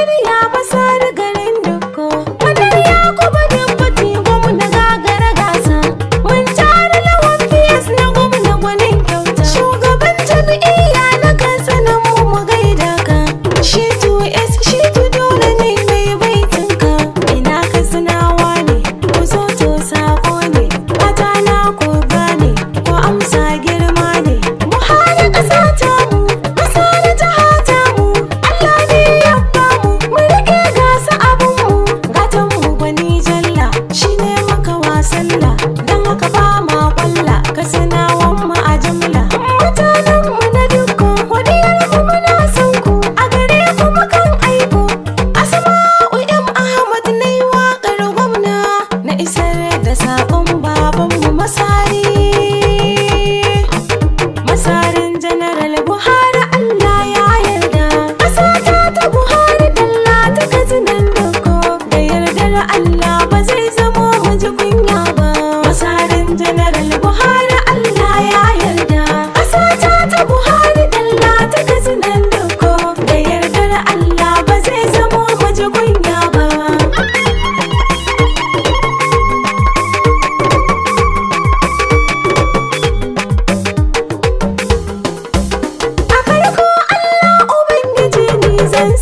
तेरे या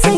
¡Sí!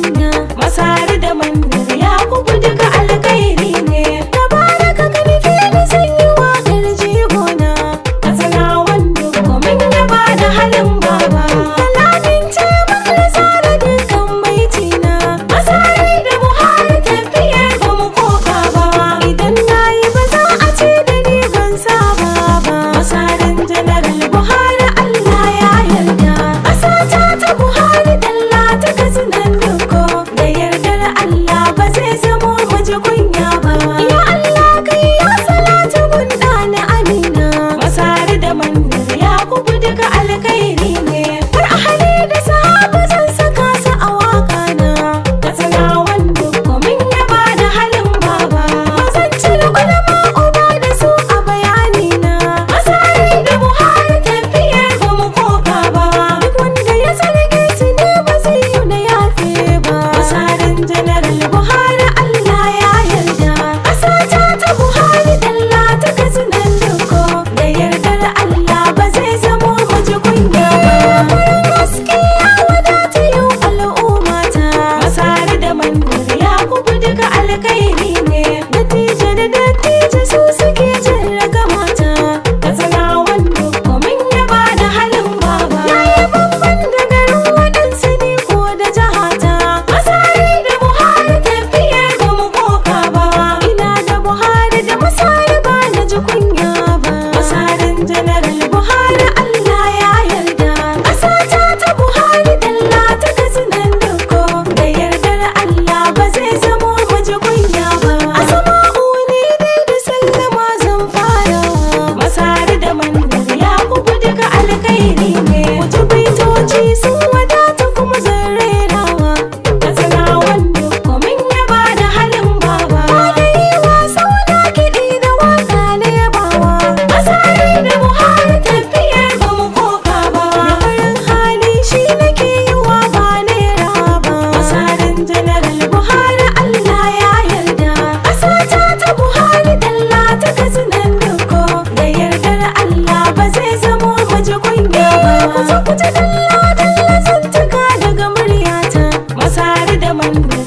¡Gracias!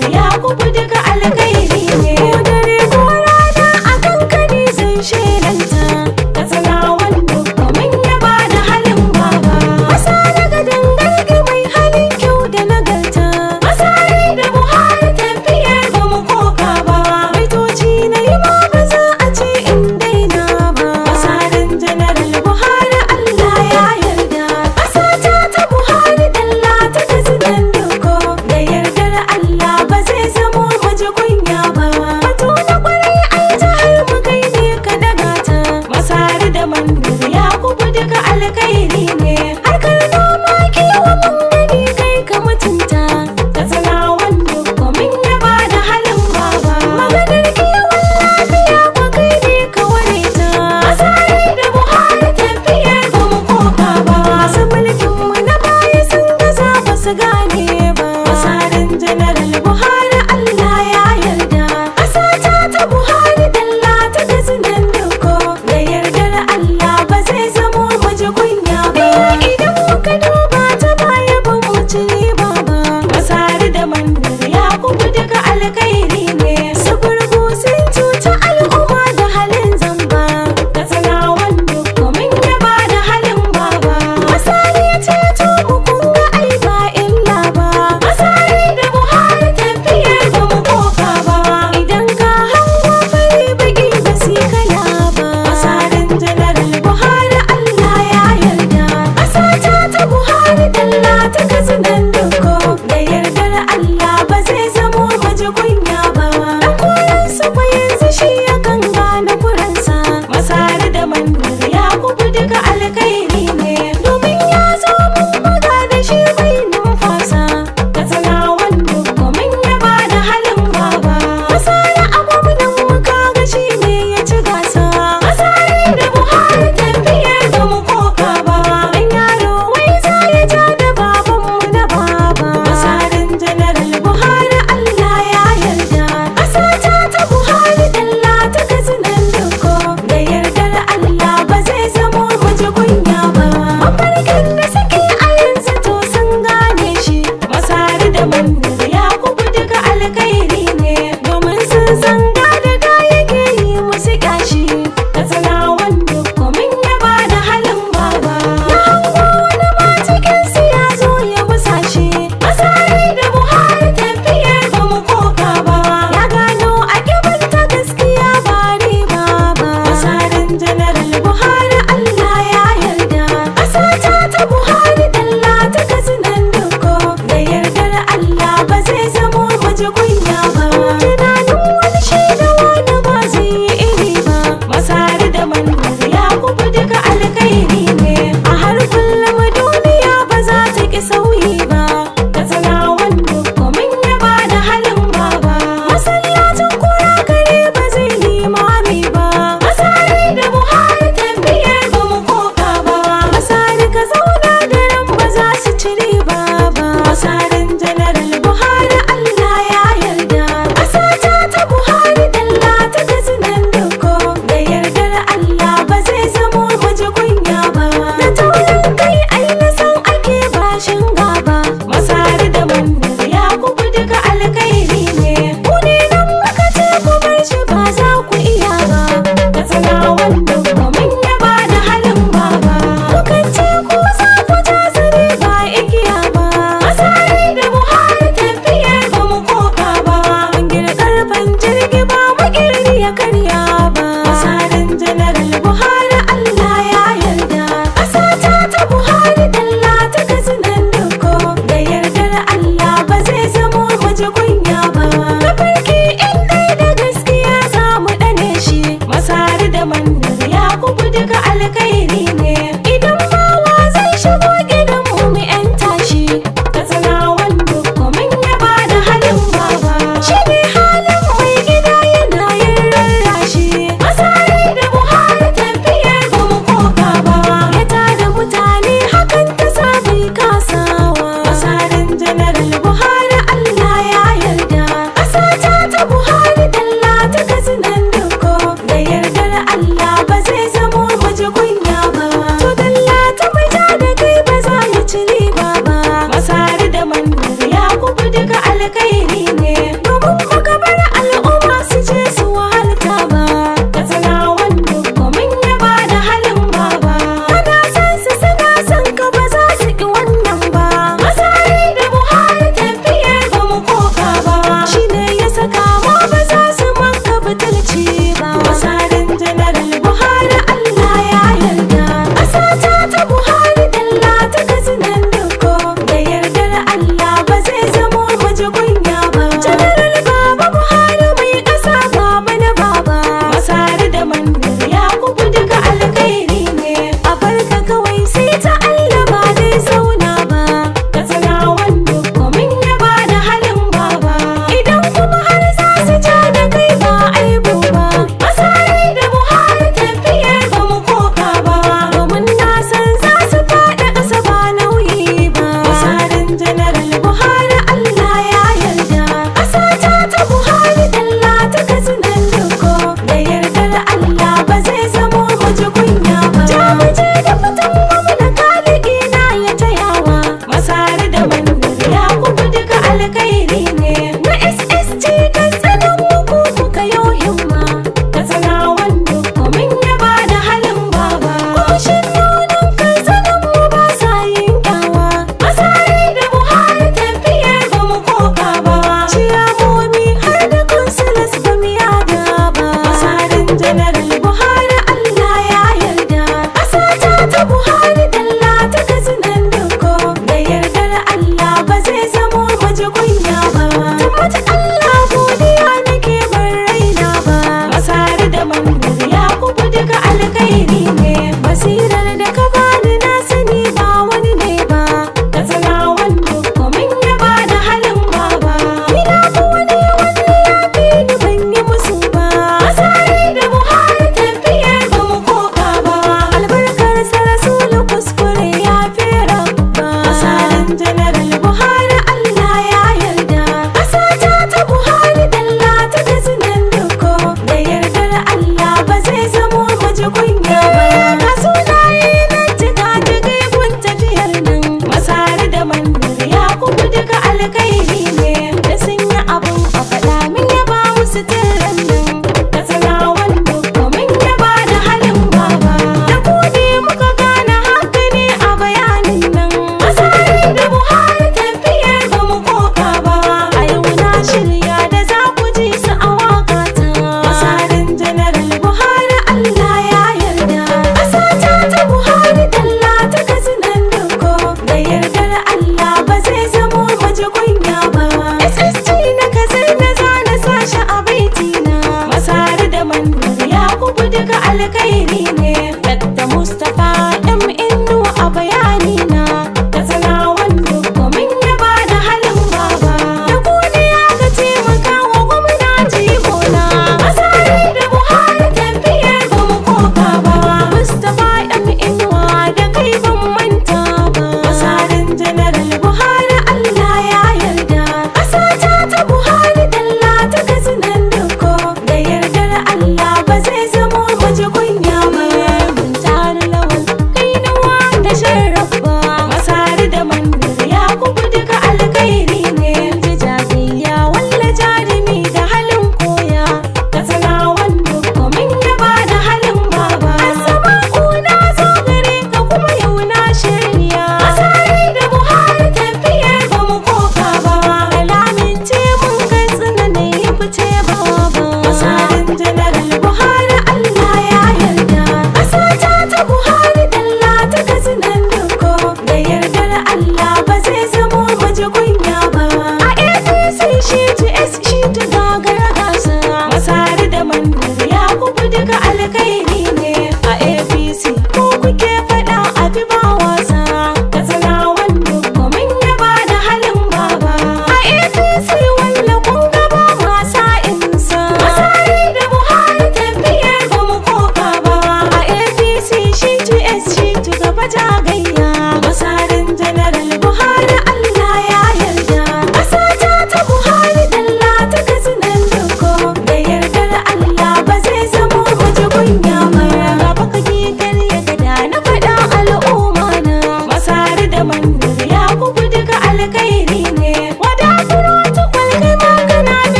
Allah